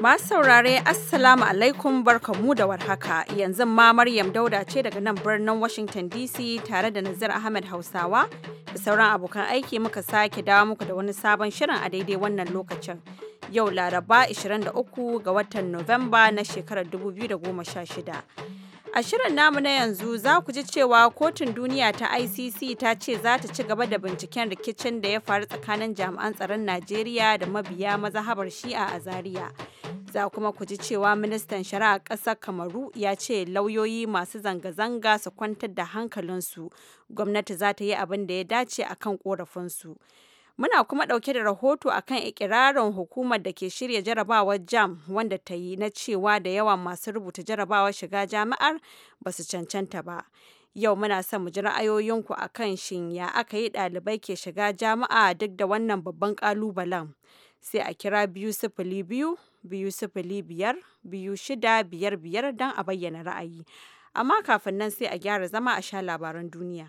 Masu saurare Assalamu alaikum barkamu da warhaka yanzu ma Maryam Dauda ce daga nan birnin Washington DC tare da Nazir Ahmed Hausawa da sauran abokan aiki muka sake dawo muku da wani sabon shirin a daidai wannan lokacin. Yau Laraba 23 ga watan Novemba na shekarar 2016. A shirin namu na yanzu za ku ji cewa kotun duniya ta ICC ta ce za ta ci gaba da binciken rikicin da ya faru tsakanin jami'an tsaron Najeriya da mabiya mazahabar shi'a a Zaria. za kuma ku ji cewa ministan shari'a ƙasar kamaru ya ce lauyoyi masu zanga-zanga su kwantar da hankalinsu gwamnati za ta yi abin da ya dace a kan ƙorafinsu muna kuma ɗauke da rahoto akan ikirarin hukumar da ke shirya jarabawar jam wanda ta yi na cewa da yawa masu rubuta jarabawar shiga jami'ar ba su cancanta ba yau muna son mu ji ra'ayoyinku akan shin ya aka yi ɗalibai ke shiga jami'a duk da wannan babban ƙalubalen sai a kira biyu sifili biyu biyu sifili biyar biyu shida biyar biyar don a bayyana ra'ayi amma kafin nan sai a gyara zama a sha labaran duniya.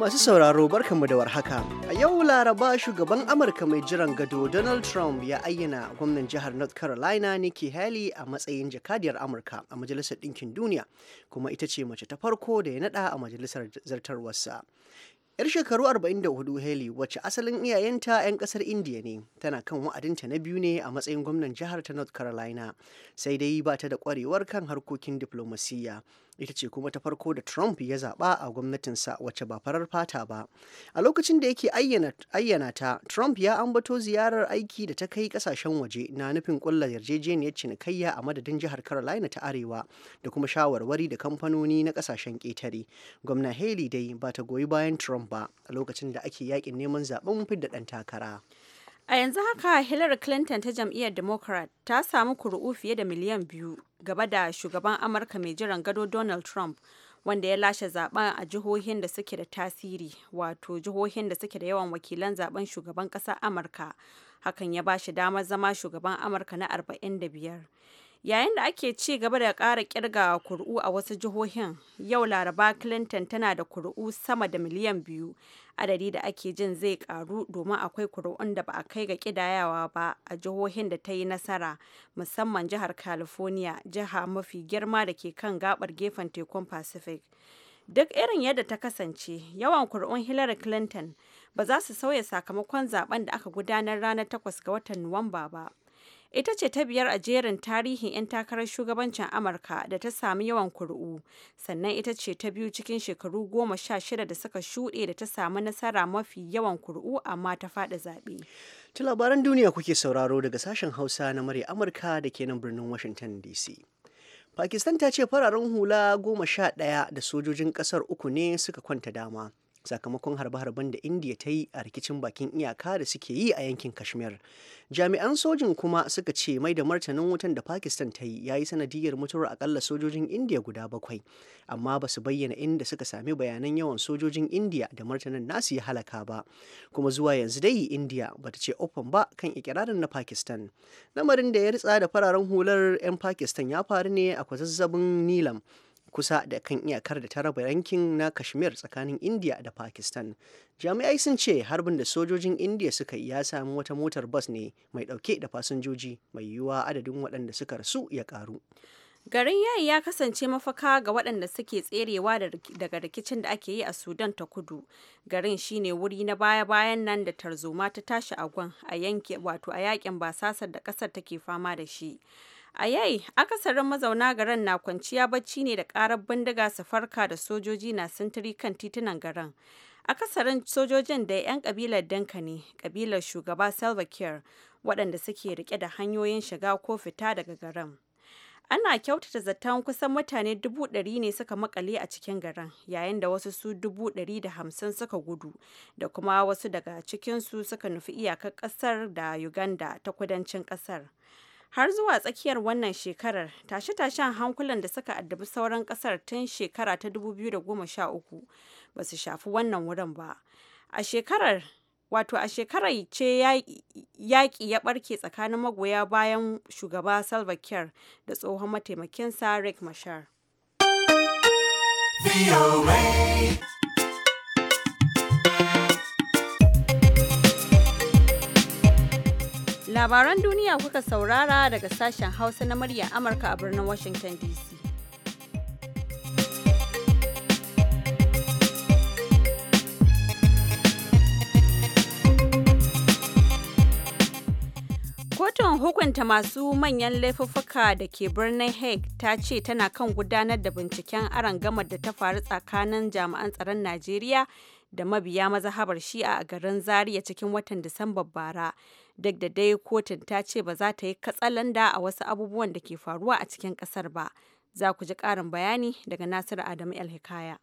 Masu sauraro barkanmu da warhaka. A yau Laraba shugaban Amurka mai jiran gado Donald Trump ya ayyana gwamnan jihar North Carolina Nikki Haley a matsayin jakadiyar Amurka a Majalisar Ɗinkin Duniya, kuma ita ce mace ta farko da ya naɗa a Majalisar Zartarwarsa. 'Yar shekaru 44 Haley wacce asalin iyayenta 'yan kasar Indiya ne, tana kan wa'adinta na biyu ne a matsayin gwamnan jihar ta North Carolina, sai dai ba ta da kwarewar kan harkokin diflomasiyya. ita ce kuma ta farko da trump ya zaba a gwamnatinsa wacce ba farar fata ba a lokacin da yake ayyana ta trump ya ambato ziyarar aiki da ta kai kasashen waje na nufin kulla yarjejeniyar cinikayya a madadin jihar carolina ta arewa da kuma shawarwari da kamfanoni na kasashen ƙetare gwamna haley dai ba ta goyi bayan trump ba a lokacin da ake yakin neman zaben fidda ɗan takara A yanzu haka Hillary Clinton ta jam'iyyar Democrat ta samu kuri'u fiye da miliyan biyu gaba da shugaban Amurka mai jiran gado Donald Trump wanda ya lashe zaben a jihohin da suke da tasiri wato jihohin da suke da yawan wakilan zaben shugaban kasa Amurka. Hakan ya ba shi damar zama shugaban Amurka na 45. yayin da ake ci gaba da ƙara kirga kuri'u a wasu jihohin yau laraba clinton tana da kuri'u sama da miliyan biyu adadi da ake jin zai karu domin akwai kuri'un da ba a kai ga kidayawa ba a jihohin da ta yi nasara musamman jihar california jiha mafi girma da ke kan gabar gefen tekun pacific duk irin yadda ta kasance yawan kuri'un hillary clinton ba za su sauya sakamakon zaben da aka gudanar ranar 8 ga watan nuwamba ba ita ce ta biyar a jerin tarihin 'yan takarar shugabancin amurka da ta sami yawan kuri'u sannan ita ce ta biyu cikin shekaru goma sha shida da suka shuɗe da ta sami nasara mafi yawan kuri'u amma ta faɗi zaɓe ta labaran duniya kuke sauraro daga sashen hausa na murya amurka da ke nan birnin washington dc pakistan ta ce fararen hula goma sha ɗaya da sojojin ƙasar uku ne suka kwanta dama sakamakon harbe-harben da indiya ta yi a rikicin bakin iyaka da suke yi a yankin kashmir jami'an sojin kuma suka ce mai da martanin wutan da pakistan ta yi ya yi sanadiyar mutuwar akalla sojojin indiya guda bakwai amma ba su bayyana inda suka sami bayanan yawan sojojin indiya da martanin nasu ya halaka ba kuma zuwa yanzu dai indiya bata ce open ba kan ikirarin na pakistan lamarin da ya ritsa da fararen hular 'yan pakistan ya faru ne a kwazazzabin nilam kusa da kan iyakar da ta raba yankin na kashmir tsakanin india da pakistan jami'ai sun ce harbin da sojojin india suka yi ya sami wata motar bas ne mai dauke da fasinjoji mai yiwuwa adadin waɗanda suka rasu ya karu garin yayi ya kasance mafaka ga waɗanda suke tserewa daga rikicin da ake yi a sudan ta kudu garin shine wuri na baya-bayan nan da tarzoma ta tashi a gwan a yanke wato a yakin basasar da ƙasar take fama da shi A yai, akasarin mazauna garin na kwanciya bacci ne da karar bindiga su farka da sojoji na sintiri kan titunan garin. Akasarin sojojin da 'yan kabilar dankani ne, kabilar shugaba Salva kiyar waɗanda suke rike da hanyoyin shiga ko fita daga garin. Ana kyautata zaton kusan mutane dubu ɗari ne suka makale a cikin garin, yayin da wasu su dubu ɗari da hamsin suka gudu, da kuma wasu daga cikinsu suka nufi iyakar ƙasar da Uganda ta kudancin ƙasar. har zuwa tsakiyar wannan shekarar tashe-tashen hankulan da suka addabi sauran kasar tun shekara ta 2013 ba su shafi wannan wurin ba a shekarar wato a shekarar ce yaƙi ya ɓarke tsakanin magoya bayan shugaba salva kiir da tsohon mataimakinsa rick mashar Labaran duniya kuka saurara daga sashen Hausa na murya Amurka a birnin Washington DC. Kotun hukunta masu manyan laifuffuka da ke birnin Hague ta ce tana kan gudanar da binciken arangamar da ta faru tsakanin jami'an tsaron Najeriya da mabiya mazahabar shi'a a garin Zaria cikin watan Disambar bara duk da dai kotun ta ce ba za ta yi katsalanda a wasu abubuwan da ke faruwa a cikin ƙasar ba za ku ji ƙarin bayani daga nasiru adamu el hikaya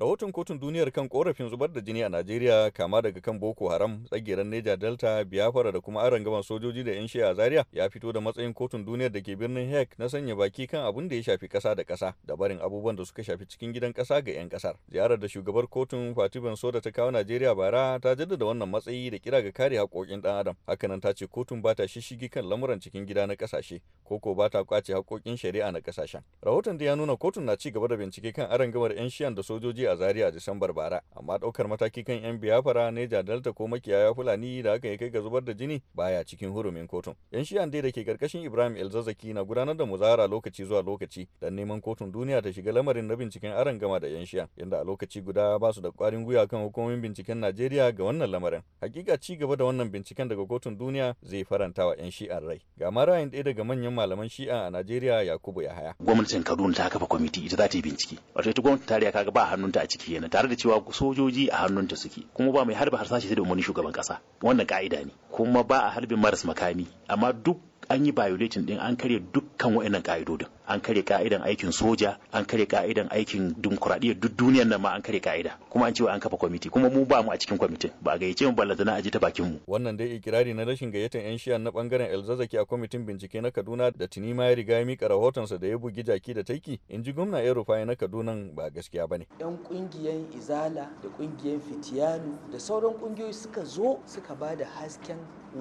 Rahoton Kotun Duniyar kan korafin zubar da jini a Najeriya kama daga kan Boko Haram, tsagiran Neja Delta, Biafra da kuma aron gaban sojoji da 'yan shi'a Zaria ya fito da matsayin Kotun Duniyar da ke birnin Hague na sanya baki kan abin da ya shafi kasa da kasa da barin abubuwan da suka shafi cikin gidan kasa ga 'yan kasar. Ziyarar da shugabar kotun Fati da ta kawo Najeriya bara ta jaddada wannan matsayi da kira ga kare haƙoƙin ɗan adam. Hakanan ta ce kotun ba ta shishigi kan lamuran cikin gida na kasashe ko ko ba ta kwace haƙoƙin shari'a na ƙasashen. Rahoton da ya nuna kotun na ci gaba da bincike kan aron gamar 'yan shiyan da sojoji a Zaria a Disambar bara, amma ɗaukar mataki kan 'yan biyafara Neja Delta ko makiyaya Fulani da hakan ya kai ga zubar da jini baya cikin hurumin kotun. 'Yan shi'an dai da ke karkashin Ibrahim elzazaki na gudanar da muzara lokaci zuwa lokaci don neman kotun duniya ta shiga lamarin na binciken aron gama da 'yan shi'an, inda a lokaci guda ba su da kwarin gwiwa kan hukumomin binciken Najeriya ga wannan lamarin. Hakika ci gaba da wannan binciken daga kotun duniya zai faranta wa 'yan shi'an rai. Ga ma ra'ayin ɗaya daga manyan malaman shi'a a Najeriya Yakubu Yahaya. Gwamnatin Kaduna ta kafa kwamiti ita za ta yi bincike. Wato ita gwamnatin tarayya kaga ba hannun hannunta a ciki yana tare da cewa sojoji a hannunta suke kuma ba mai harbi harsashi sai da wani shugaban kasa wannan ka'ida ne kuma ba a harbin maras makami amma duk an yi violating din an karya dukkan wa'annan ka'idodin an kare ka'idan aikin soja an kare ka'idan aikin dimokuraɗiyyar duk duniyar nan ma an kare ka'ida kuma an cewa an kafa kwamiti kuma mu ba mu a cikin kwamitin ba a gayyace mu ballantana a ji ta bakin mu wannan dai ikirari na rashin gayyatar yan shiyan na bangaren elzazaki a kwamitin bincike na kaduna da tuni ma ya riga ya mika rahotonsa da ya bugi jaki da taiki in ji gwamna ya na kaduna ba gaskiya bane yan kungiyan izala da kungiyar fitiyanu da sauran kungiyoyi suka zo suka ba da hasken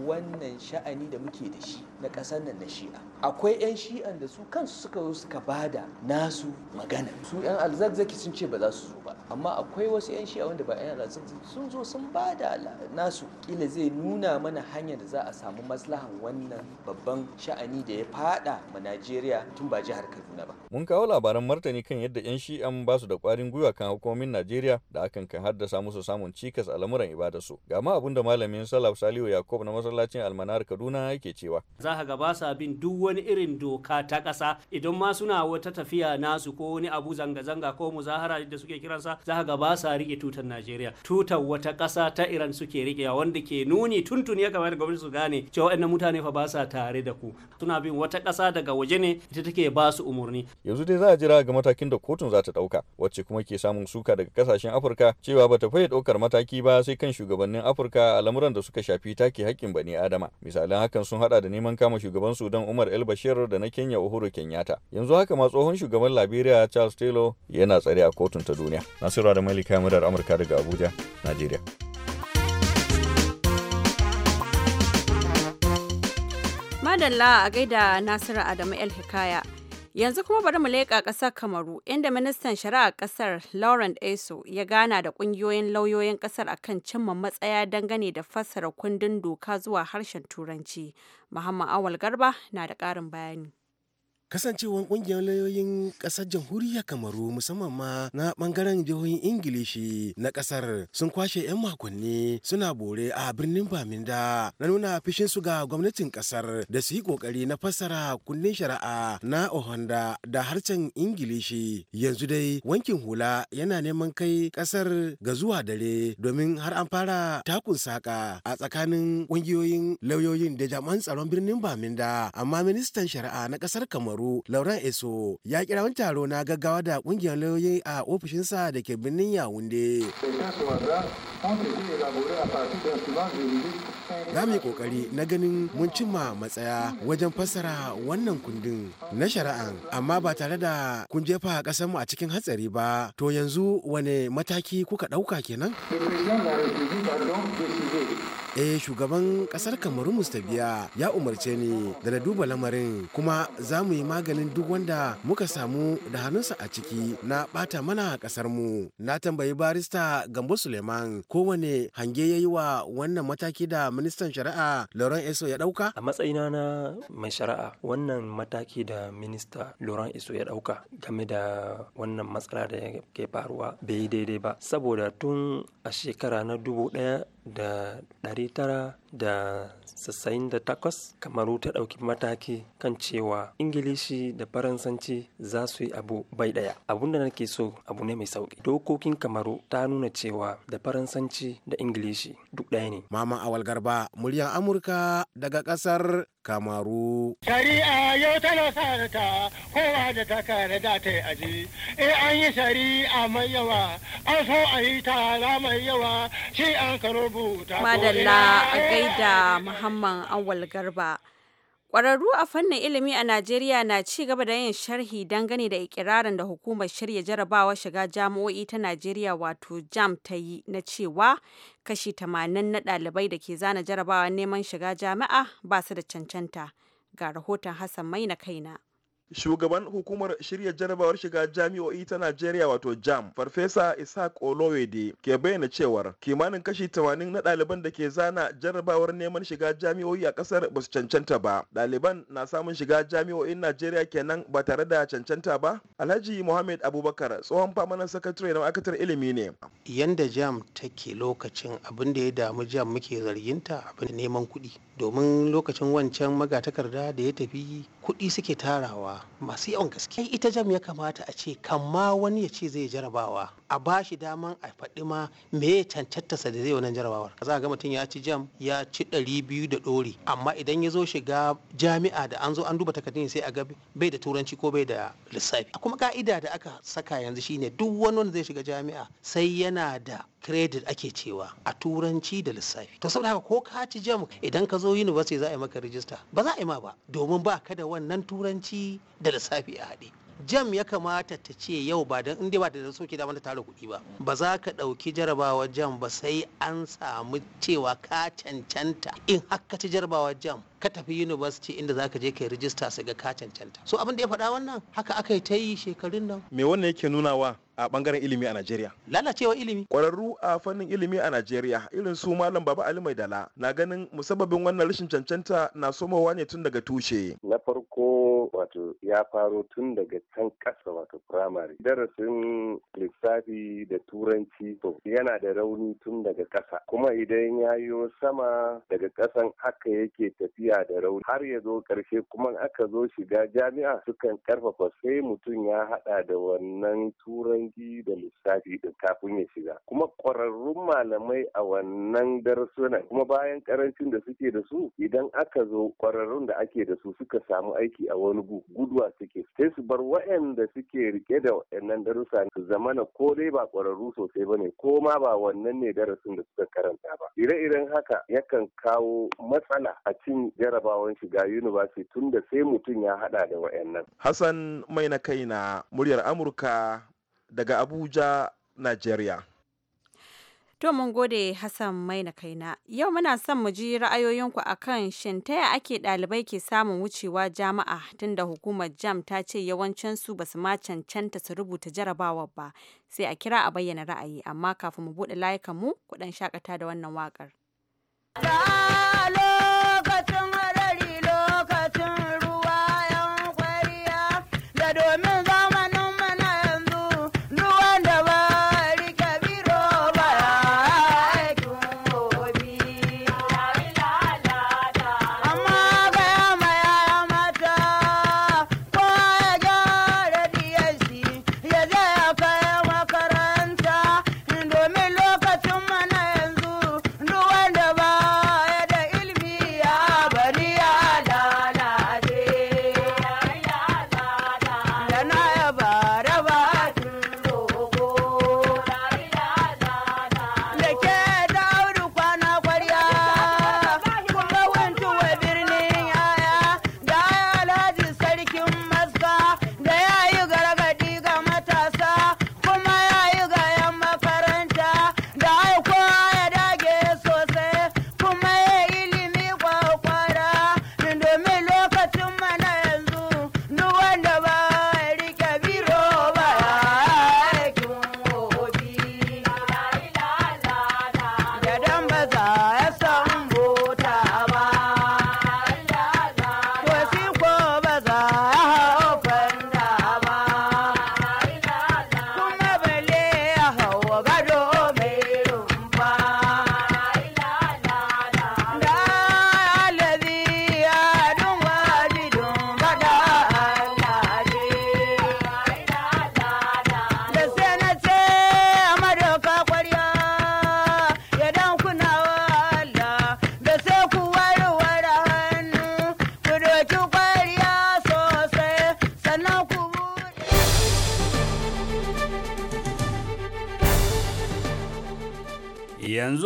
wannan sha'ani da muke da shi na ƙasar nan na shi'a akwai 'yan shi'an da su kansu suka zo suka bada nasu magana su yan alzakzaki sun ce ba za su zo ba amma akwai wasu yan shi'a wanda ba yan alzakzaki sun zo sun bada nasu kila zai nuna mana hanyar da za a samu maslahan wannan babban sha'ani da ya fada ma Najeriya tun ba jihar Kaduna ba mun kawo labaran martani kan yadda yan shi'an ba su da kwarin gwiwa kan hukumomin Najeriya da akan kan haddasa musu samun cikas a lamuran ibadarsu ga ma abin da malamin Salaf Salihu Yakub na masallacin Almanar Kaduna yake cewa za ka ga ba sa bin duk wani irin doka ta ƙasa idan ma suna wata tafiya nasu ko wani abu zanga-zanga ko muzahara da suke kiransa za ga ba sa rike tutar Najeriya tutar wata ƙasa ta Iran suke rike wanda ke nuni tuntuni ya kamata gwamnati su gane cewa waɗannan mutane fa ba sa tare da ku suna bin wata kasa daga waje ne ita take ba su umurni yanzu dai za a jira ga matakin da kotun za ta ɗauka wacce kuma ke samun suka daga kasashen Afirka cewa bata faye ɗaukar mataki ba sai kan shugabannin Afirka a lamuran da suka shafi take haƙƙin bani Adama misalan hakan sun hada da neman kama shugaban Sudan Umar El Bashir da na Kenya Uhuru Kenyatta amurka yanzu haka ma tsohon shugaban liberia charles taylor yana tsare a kotun ta duniya nasiru da malika murar amurka daga abuja najeriya madalla a gaida nasiru adamu el hikaya yanzu kuma bari mu leƙa ƙasar kamaru inda ministan shari'a ƙasar laurent eso ya gana da ƙungiyoyin lauyoyin ƙasar a kan cimma matsaya dangane da fassara kundin doka zuwa harshen turanci muhammad awal garba na da ƙarin bayani kasancewar kungiyar lauyoyin kasar jamhuriyar kamaru musamman ma na ɓangaren jihohin ingilishi na ƙasar. sun kwashe 'yan makonni suna bore a birnin baminda na nuna fishin su ga gwamnatin ƙasar. da su yi kokari na fassara kundin shari'a na ohanda da harshen ingilishi yanzu dai wankin hula yana neman kai ƙasar ga zuwa dare domin har an fara takun saƙa. a tsakanin ƙungiyoyin lauyoyin da jami'an tsaron birnin baminda amma ministan shari'a na ƙasar kamaru taro lauren eso ya kira wani taro na gaggawa da kungiyar lauyoyi a ofishinsa da ke birnin yawunde za mu yi kokari na ganin mun cimma matsaya wajen fassara wannan kundin na shari'an amma ba tare da kun jefa mu a cikin hatsari ba to yanzu wane mataki kuka ɗauka kenan? eh shugaban kasar kamaru mustabiya ya umarce ni da na duba lamarin kuma za mu yi maganin duk wanda muka samu da hannunsa a ciki na bata mana kasar mu na tambayi barista gambo suleiman kowane hange ya yi wa wannan mataki da ministan shari'a lauren eso ya dauka a matsayina na mai shari'a wannan mataki da minista lauren eso ya dauka game da wannan matsala da ke faruwa bai daidai ba saboda tun a shekara na dubu daya da tara da da takwas, kamaru ta ɗauki mataki kan cewa ingilishi da faransanci za su yi abu bai ɗaya abun da nake so abu ne mai sauƙi dokokin kamaru ta nuna cewa da faransanci da ingilishi duk ɗaya ne mama awal garba muryar amurka daga ƙasar kamaru shari'a yau tana sa da ta kowa da ta kare da ta aji in eh, an yi shari'a mai yawa an so a yi tara mai yawa shi an karo buta. madalla a gaida muhammad awal garba Ƙwararru a fannin ilimi a Najeriya na ci gaba da yin sharhi dangane da ikirarin da hukumar shirya jarabawar shiga jami'o'i ta Najeriya wato JAM ta yi na cewa kashi tamanin na ɗalibai da ke zana jarabawa neman shiga jami'a ba su da cancanta. Ga rahoton Hassan Maina kaina. Shugaban hukumar shirya jarabawar shiga jami'o'i ta Najeriya wato JAM, Farfesa Isaac Olowede ke bayyana cewar kimanin kashi 80 na ɗaliban da ke zana jarabawar neman shiga jami'o'i a ƙasar ba su cancanta ba. Ɗaliban na samun shiga jami'o'in Najeriya kenan ba tare da cancanta ba? Alhaji Mohammed Abubakar tsohon famanan sakatare na ma'aikatar ilimi ne. Yanda JAM take lokacin abin da ya damu JAM muke zarginta abin neman kuɗi. domin lokacin wancan magatakarda da ya tafi kuɗi suke tarawa masu yawan gaske ita jam ya kamata a ce kamma wani ya ce zai jarabawa a ba shi daman a faɗi ma me ya cancantarsa da zai wannan jarabawar za a ga mutum ya ci jam ya ci ɗari biyu da ɗori amma idan ya zo shiga jami'a da an zo an duba takardun sai a ga bai da turanci ko bai da lissafi kuma ka'ida da aka saka yanzu shine duk wani wanda zai shiga jami'a sai yana da credit ake cewa a turanci da lissafi to saboda haka ko ka ci jam idan ka zo university za a yi maka rijista ba za a yi ma ba domin ba ka da wannan turanci da lissafi a haɗe jam ya kamata ta ce yau ba don inda ba da damar da tara kuɗi ba ba za ka ɗauki jarabawar jam ba sai an samu cewa ka cancanta in haka ci jarabawar jam ka tafi university inda za ka je ka yi rijista su ga ka cancanta so abin da ya faɗa wannan haka aka yi ta yi shekarun nan me wannan yake nunawa a bangaren ilimi a Najeriya. Lalacewa ilimi. Kwararru a fannin ilimi a Najeriya irin su Malam Baba Ali Mai Dala na ganin musababin wannan rashin cancanta na somowa ne tun daga tushe. Na farko wato ya faro tun daga can kasa wato firamare. Darasin lissafi da turanci to yana da rauni tun daga kasa, Kuma idan ya yi sama daga kasan, haka yake tafiya da rauni har ya zo ƙarshe kuma aka zo shiga jami'a sukan karfafa sai mutum ya haɗa da wannan turanci ka'idoji da lissafi da kafin ya shiga kuma ƙwararrun malamai a wannan darasuna. kuma bayan karancin da suke da su idan aka zo ƙwararrun da ake da su suka samu aiki a wani gu guduwa suke sai su bar waɗanda suke rike da wa'annan darussa su na ko dai ba ƙwararru sosai bane ko ma ba wannan ne darasin da suka karanta ba ire-iren haka yakan kawo matsala a cin jarabawan shiga university tun da sai mutum ya haɗa da wa'annan. Hassan mai na kai na muryar Amurka daga Abuja, Najeriya. To mun gode Hassan Maina kaina. Yau muna son mu ji ra'ayoyinku akan shin ta ya ake ɗalibai ke samun wucewa jama'a tunda hukumar jam ta ce yawancin su basu ma cancanta su rubuta jarabawar ba. Sai a kira a bayyana ra'ayi amma kafin mu buɗe layukan mu kuɗan shakata da wannan waƙar.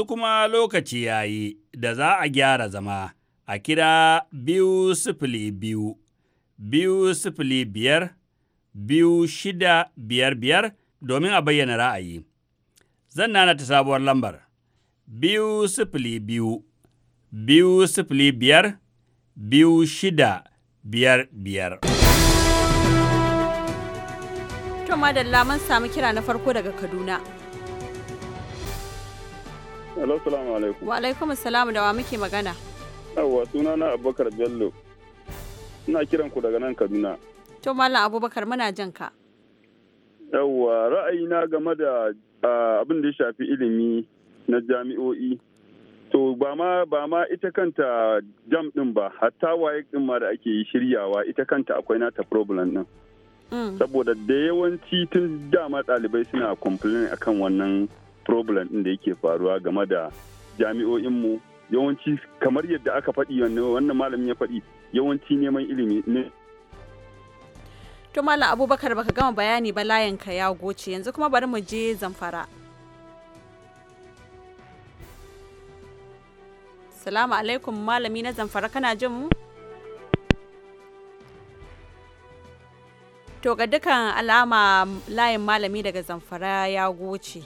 kuma lokaci ya yi da za a gyara zama a kira biyu sifili biyu, biyu sifili biyar, biyu shida biyar biyar domin a bayyana ra'ayi. Zan nana ta sabuwar lambar, biyu sifili biyu, biyu sifili biyar, biyu shida biyar biyar. To madalla mun samu kira na farko daga Kaduna. Hello, salamu alaikum. da wa muke magana. Yawwa suna na Abubakar Bello. Ina kiran ku daga nan Kaduna. To Malam Abubakar muna jin ka. Yawwa ra'ayina game da abin da ya shafi ilimi na jami'o'i. To ba ma ba ma ita kanta jam ɗin ba, hatta waye din ma da ake shiryawa ita kanta akwai nata problem din. Mm. Saboda da yawanci tun dama ɗalibai suna complain akan wannan problem ɗin da yake faruwa game da jami'o'inmu yawanci kamar yadda aka faɗi wannan malamin ya faɗi yawanci neman ilimi ne Tumala abubakar baka gama bayani ba layinka ya goce yanzu kuma bari mu je zamfara salamu alaikum malami na zamfara kana jin mu? To ga dukan alama layin malami daga zamfara ya goce.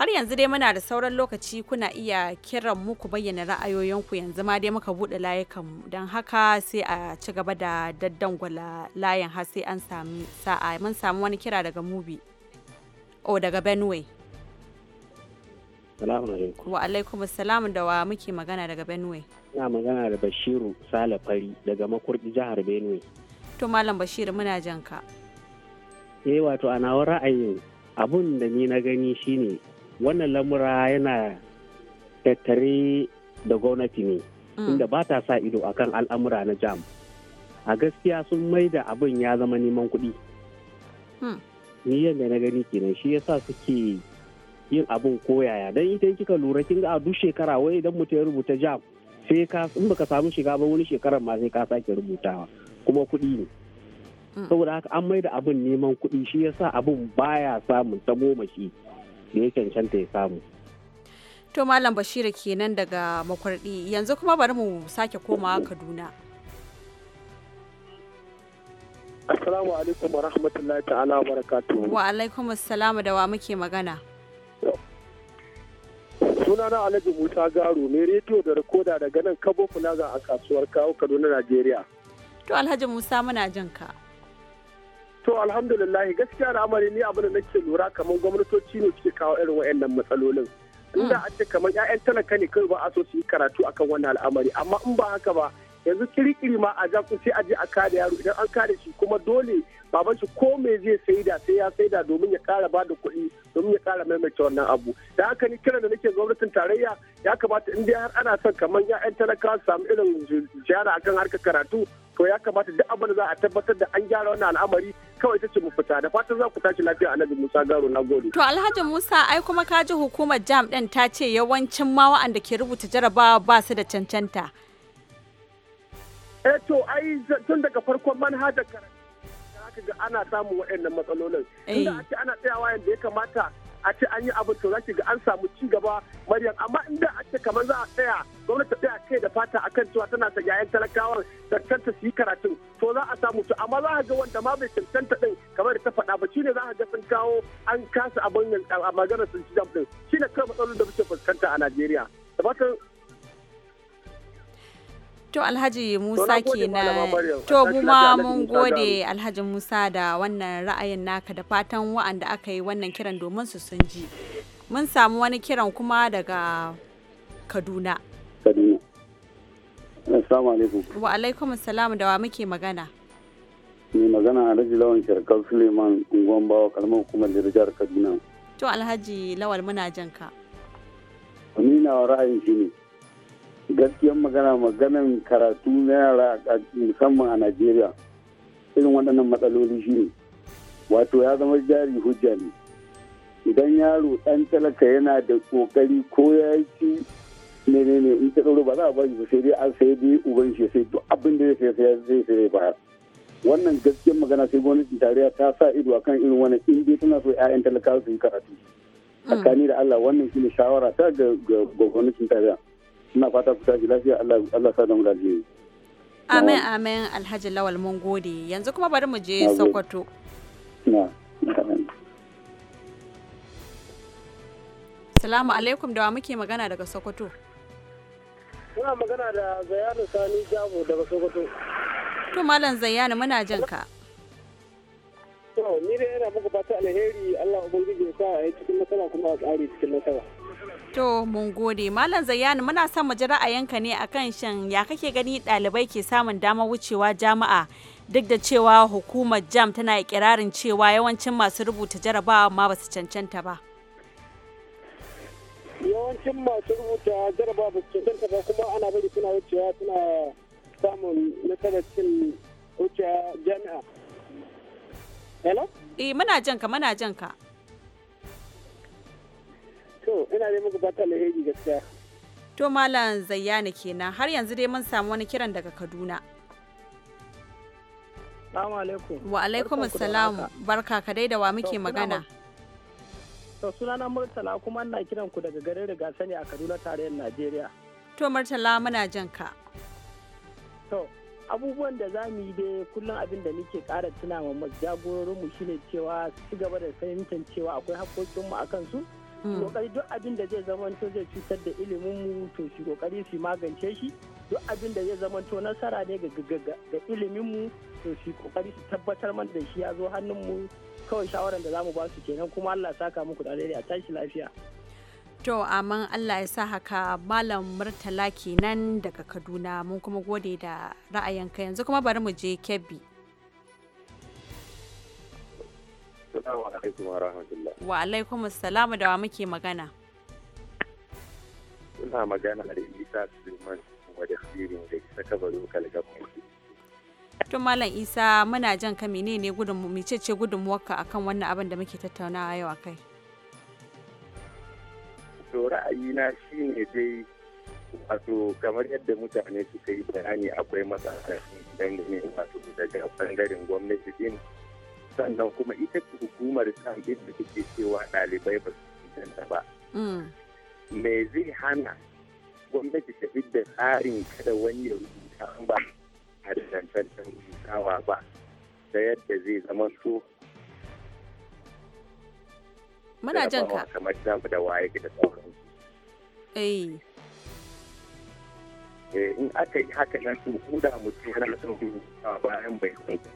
Har yanzu dai muna da sauran lokaci kuna iya kiran mu ku bayyana ra'ayoyinku yanzu ma dai muka buɗe layukan don haka sai a ci gaba da daddangwala layin har sai an sami sa'a mun samu wani kira daga mubi. O oh, daga Benue. Wa alaikum salamu da wa muke magana daga Benue. Ina magana da Bashiru Sale Fari daga makurdi jihar Benue. To Malam Bashiru muna jan ka. Eh wato a nawa ra'ayin abun da ni na gani shine wannan lamura yana tattare da gwamnati ne mm. inda ba ta sa ido akan al'amura na jam a gaskiya sun mai da abin ya zama neman kuɗi mm. ni yadda na gani kenan shi yasa suke yin abin koyaya don ita kika lura kin ga a duk shekara wai idan mutum ya rubuta jam sai ka in baka samu shiga ba wani shekarar ma sai ka sake rubutawa kuma kuɗi ne mm. saboda haka an mai da abin neman kuɗi shi yasa abin baya samun tagomashi da ya cancanta ya samu to malam bashira kenan daga makwardi yanzu kuma bari mu sake komawa kaduna assalamu alaikum wa rahmatullahi ta'ala wa barakatuhu wa alaikum assalamu da wa muke magana suna na alhaji musa garu ne rediyo da rikoda daga nan kabo plaza a kasuwar kawo kaduna najeriya to alhaji musa muna jin ka To alhamdulillah gaskiya al'amari ni abin da nake lura kamar gwamnatoci ne suke kawo irin wayannan matsalolin. Inda a ce kamar 'ya'yan talaka ne kai ba a so su yi karatu akan wannan al'amari amma in ba haka ba yanzu kirikiri ma a zaku sai a je a kare yaro idan an kare shi kuma dole baban shi ko me zai saida sai ya saida domin ya kara ba da kuɗi domin ya kara maimaita wannan abu da haka ni kiran da nake gwamnatin tarayya ya kamata in dai har ana son kamar ya'yan talaka su samu irin jihara akan harkar karatu to ya kamata duk abin da za a tabbatar da an gyara wannan al'amari kawai ta ce mu fita da fatan za ku tashi lafiya Alhaji Musa Garo na gode. To Alhaji Musa ai kuma ka ji hukumar jam din ta ce yawancin ma wa'anda ke rubuta jarabawa ba su da cancanta. Eh to ai tun daga farkon manhajar karatu aka ga ana samun waɗannan matsalolin. Tunda eh. ake ana tsayawa yadda ya kamata a ce an yi abin to zaki ga an samu ci gaba maryam amma inda a ce kamar za a tsaya gwamnati tsaya kai da fata akan cewa tana ta yayan talakawan da kanta su yi karatun to za a samu to amma za a ga wanda ma bai tantanta din kamar da ta faɗa ba shine za a ga sun kawo an kasa abin maganar sun ci jam din shine kawai matsalolin da muke fuskanta a Najeriya da fatan To Alhaji Musa kenan. To mu ma mun gode Alhaji Musa da wannan ra'ayin naka da fatan wa'anda aka yi wannan kiran domin su sun ji. Mun samu wani kiran kuma daga Kaduna. Kaduna. Assalamu alaikum. Wa alaikum assalam da wa muke magana. Ni magana Alhaji Lawan Sharkar Suleiman Ungwan Bawa kalmar kuma jihar Kaduna. To Alhaji Lawal muna jan ka. Amina ra'ayin shi ne. gaskiyar magana maganan karatu na yara musamman a najeriya irin waɗannan matsaloli shi ne wato ya zama jari hujja ne idan yaro ɗan talaka yana da ƙoƙari ko ya ci ne in ta ɗauro ba za a bari ba sai dai an sai dai uban shi sai duk abin da zai sai zai sai ba. wannan gaskiyar magana sai gwamnatin tarayya ta sa ido akan irin wannan in dai tana so 'ya'yan talakawa su yi karatu hmm. tsakani da Allah wannan shine shawara ta ga gwamnatin tarayya ina fata ku tashi lafiya Allah sa da mu amin amin alhaji lawal mun gode yanzu kuma bari mu je sokoto salamu alaikum da wa muke magana daga sokoto muna magana da zayanu sani Jamu daga sokoto to malam zayanu muna jin ka to ni dai yana muku fata alheri Allah ubangiji ya sa a cikin nasara kuma a tsari cikin nasara To mun gode Malam Zayyani muna son mu ji ra'ayinka ne akan shin ya kake gani ɗalibai ke samun damar wucewa jama'a duk da cewa hukumar jam tana ikirarin cewa yawancin masu rubuta jarabawa ma basu cancanta ba. Yawancin masu rubuta jarabawa su cancanta ba kuma ana bari suna wucewa suna samun nasarar cin wucewa jami'a. Hello? Eh muna janka muna janka. ka. To, ina dai muku fata alheri gaskiya. To, Malam Zayyana kenan har yanzu dai mun samu wani kiran daga Kaduna. Salamu alaikum. Wa alaikum salam. Barka ka dai da wa muke magana. To, sunana Murtala kuma ina kiran ku daga garin riga sani a Kaduna tarayyar Najeriya. To, Murtala muna jan ka. To, abubuwan da za mu yi dai kullum abin da muke ƙara tunawa jagororinmu shine cewa su ci gaba da fahimtar cewa akwai haƙoƙinmu a kansu. su. Mm. kokari duk abin da zai to zai cutar da ilimin mu to shi kokari su magance shi duk abin da zai zamanto nasara ne ga ilimin mu to shi kokari su tabbatar man da shi ya zo hannun mu kawai shawaran da zamu ba su kenan kuma Allah saka muku da a tashi lafiya To aman Allah ya sa haka Malam Murtala kenan daga Kaduna mun kuma gode da ra'ayinka yanzu kuma bari mu je Kebbi. Assalamu alaikum wa rahmatullah. Wa alaikum assalamu da wa muke magana. Ina magana da Isa Suleiman wadda firin da isa kabarin kalgabu. Tun Malam Isa muna jan ka ne gudun mecece gudunmuwarka akan wannan abin da muke tattaunawa yau kai. To ra'ayina shine dai wato kamar yadda mutane suka yi bayani akwai matsala dangane wato daga bangaren gwamnati din sannan kuma ita hukumar kan da take cewa ɗalibai ba su fitanta ba mm. me zai hana gwamnati ta da tsarin kada wani ya rubuta ba a da dantantan rubutawa ba da yadda zai zama so muna jan ka kamar damu da waye da sauransu eh. eh in aka yi haka nan to kuda mutum yana son rubutawa bayan bai rubuta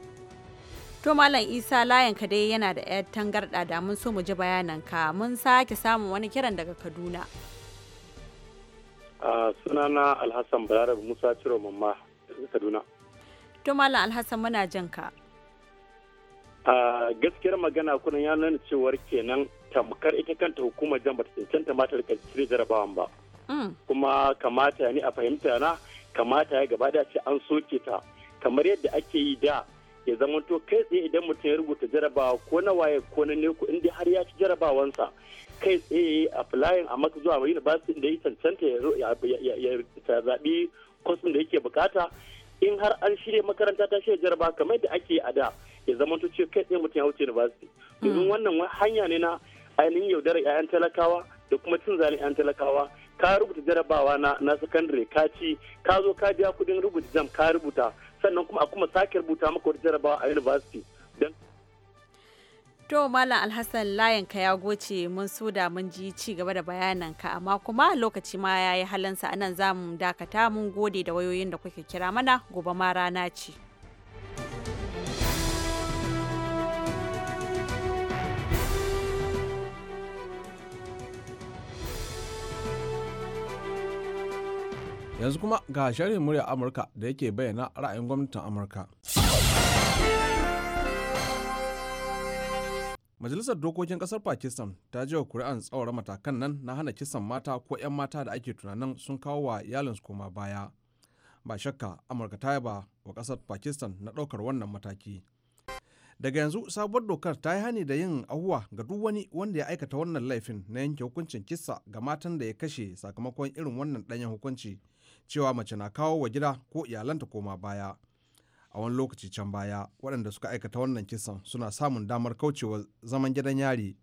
To Malam Isa layanka dai yana da 'yar tangarɗa da mun so mu ji bayananka mun sake samun wani kiran daga Kaduna. Uh, sunana Alhassan Balarabe Musa Ciro Mamma Kaduna. To Malam Alhassan muna jin ka. Uh, gaskiyar magana kunan ya nuna cewar kenan tamkar ita kanta hukumar jan bata cancanta matar ka cire jarabawan ba. Mm. Kuma kamata ne a fahimta na kamata ya gaba da ce an soke ta kamar yadda ake yi da ya zama to kai tsaye idan mutum ya rubuta jarabawa ko na waye ko na ne ko inda har ya ci jarabawansa kai tsaye a filayin a maka zuwa university da ya cancanta ya zaɓi kwasin da yake bukata in har an shirya makaranta ta shirya jaraba kamar da ake a da ya zama to kai tsaye mutum ya wuce university mm. domin wannan hanya ne na ainihin yaudarar 'ya'yan talakawa da kuma cin zalin yayan talakawa ka rubuta jarabawa na na sakandare ka ci ka zo ka biya kudin rubuta jam ka rubuta sannan kuma a kuma sake rubuta maka wata jarabawa a university don To Malam Alhassan layan ka ya goce mun so da mun ji ci gaba da bayanan ka amma kuma lokaci ma ya yi halansa anan za mu dakata mun gode da wayoyin da kuke kira mana gobe ma rana ce. yanzu kuma ga sharhin murya amurka da yake bayyana ra'ayin gwamnatin amurka majalisar dokokin kasar pakistan ta jiwa kuri'an tsawara matakan nan na hana kisan mata ko 'yan mata da ake tunanin sun kawo wa iyalinsu koma baya ba shakka amurka ta yaba wa kasar pakistan na ɗaukar wannan mataki daga yanzu sabuwar dokar ta yi hani da yin ahuwa ga duk wani wanda ya aikata wannan laifin na yanke hukuncin kisa ga matan da ya kashe sakamakon irin wannan ɗanyen hukunci cewa mace na kawo wa gida ko iyalanta koma baya a wani lokaci can baya waɗanda suka aikata wannan kisan suna samun damar kaucewa zaman gidan yari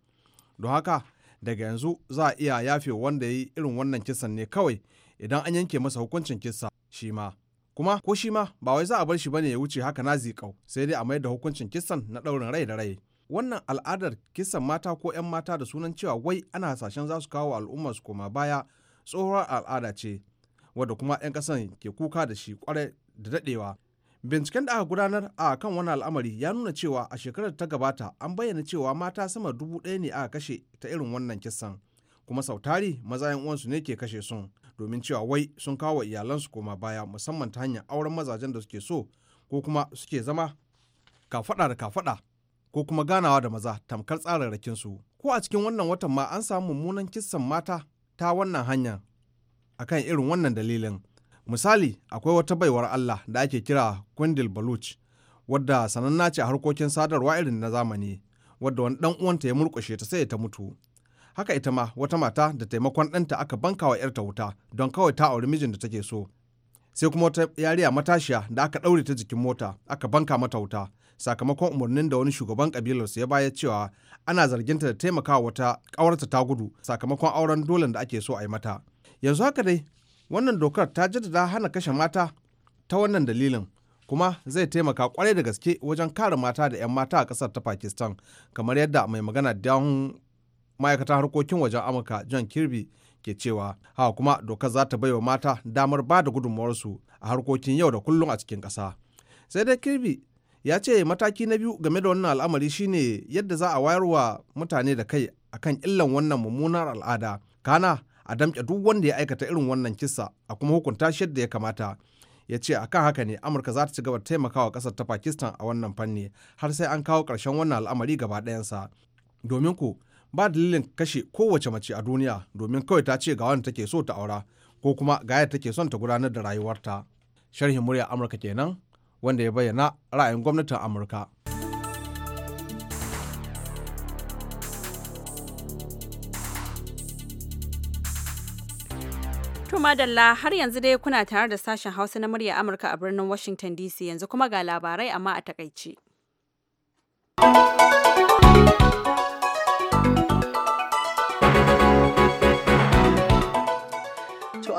don haka daga yanzu za a iya yafe wanda ya yi irin wannan kisan ne kawai idan an yanke masa hukuncin kisa shi ma kuma ko shi ma ba wai za a bar shi bane ya wuce haka na zikau sai dai a mayar da hukuncin kisan na ɗaurin rai da rai wannan al'adar kisan mata ko 'yan mata da sunan cewa wai ana hasashen za su kawo al'ummar su koma baya tsohuwar al'ada ce wadda kuma 'yan kasan ke kuka da shi kwarai da dadewa binciken da aka gudanar a kan wani al'amari ya nuna cewa a shekarar ta gabata an bayyana cewa mata sama dubu ɗaya ne aka kashe ta irin wannan kisan kuma sautari maza 'yan uwansu ne ke kashe sun domin cewa wai sun kawo wa iyalansu koma baya musamman ta hanyar auren mazajen da suke so ko kuma suke zama kafaɗa da kafaɗa ko kuma ganawa da maza tamkar tsararrakin su ko a cikin wannan watan ma an samu mummunan kisan mata ta wannan hanyar akan irin wannan dalilin misali akwai wata baiwar allah da ake kira kwendil baluch wadda sananna ce a harkokin sadarwa irin na zamani wadda wani dan uwanta ya murkushe ta sai ta mutu haka ita ma wata mata da taimakon ɗanta aka banka wa 'yarta wuta don kawai ta auri mijin da take so sai kuma wata yariya matashiya da aka ɗaure ta jikin mota aka banka mata wuta sakamakon umarnin da wani shugaban kabilarsu ya baya cewa ana zarginta da taimakawa wata ƙawarta ta gudu sakamakon auren dolen da ake so a yi mata yanzu haka dai wannan dokar ta jaddada hana kashe mata ta wannan dalilin kuma zai taimaka kwarai da gaske wajen kare mata da 'yan mata a kasar ta pakistan kamar yadda mai magana don ma'aikatar harkokin wajen amurka john kirby ke cewa haka kuma dokar za ta baiwa mata damar ba da su a harkokin yau da kullum a cikin ƙasa sai dai kirby ya ce mataki na biyu game da wannan al'amari shine yadda za a wayar wa mutane da kai akan illan wannan mummunar al'ada kana a damƙe duk wanda ya aikata irin wannan kisa a kuma hukunta shi yadda ya kamata ya ce a kan haka ne amurka za ta ci gaba taimakawa ƙasar ta pakistan a wannan fanni har sai an kawo ƙarshen wannan al'amari gaba ɗayansa domin ku ba dalilin kashe kowace mace a duniya domin kawai ta ce ga wanda take so ta aura ko kuma ga yadda take son ta gudanar da rayuwarta sharhin murya amurka kenan wanda ya bayyana ra'ayin gwamnatin amurka madalla har yanzu dai kuna tare da sashen Hausa na murya Amurka a birnin Washington DC yanzu kuma ga labarai amma a takaice.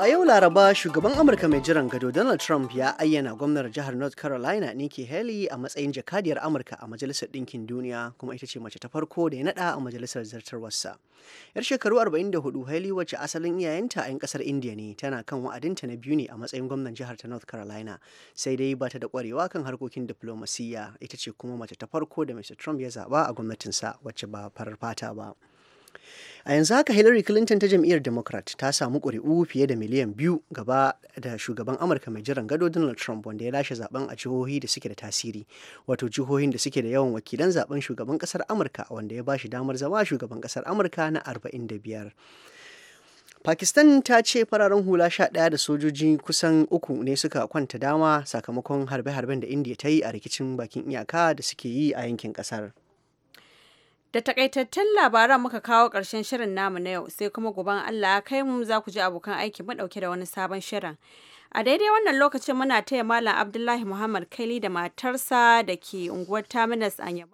a yau Laraba shugaban Amurka mai jiran gado Donald Trump ya ayyana gwamnar jihar North Carolina Nikki Haley a matsayin jakadiyar Amurka a Majalisar Ɗinkin Duniya kuma ita ce mace ta farko da ya naɗa a Majalisar Zartarwarsa. Yar shekaru 44 Haley wacce asalin iyayenta a 'yan kasar India ne tana kan wa'adinta na biyu ne a matsayin gwamnan jihar ta North Carolina sai dai ba ta da kwarewa kan harkokin diflomasiyya ita ce kuma mace ta farko da Mr. Trump ya zaba a gwamnatinsa wacce ba farar fata ba. a yanzu haka hillary clinton ta jam'iyyar democrat ta samu ƙuri'u fiye da miliyan biyu gaba da shugaban amurka mai jiran gado donald trump wanda ya lashe zaben a jihohi da suke da tasiri wato jihohin da suke da yawan wakilan zaben shugaban ƙasar amurka wanda ya ba shi damar zama shugaban ƙasar amurka na arba'in da biyar. Pakistan ta ce fararen hula sha ɗaya da sojoji kusan uku ne suka kwanta dama sakamakon harbe-harben da Indiya ta yi a rikicin bakin iyaka da suke yi a yankin kasar. Da takaitattun labaran muka kawo ƙarshen shirin namu na yau sai kuma guban Allah kai mu za ku ji abokan aiki mu ɗauke da wani sabon shirin. A daidai wannan lokacin muna taya Malam Abdullahi Muhammad Kaili da matarsa da ke unguwar Terminus a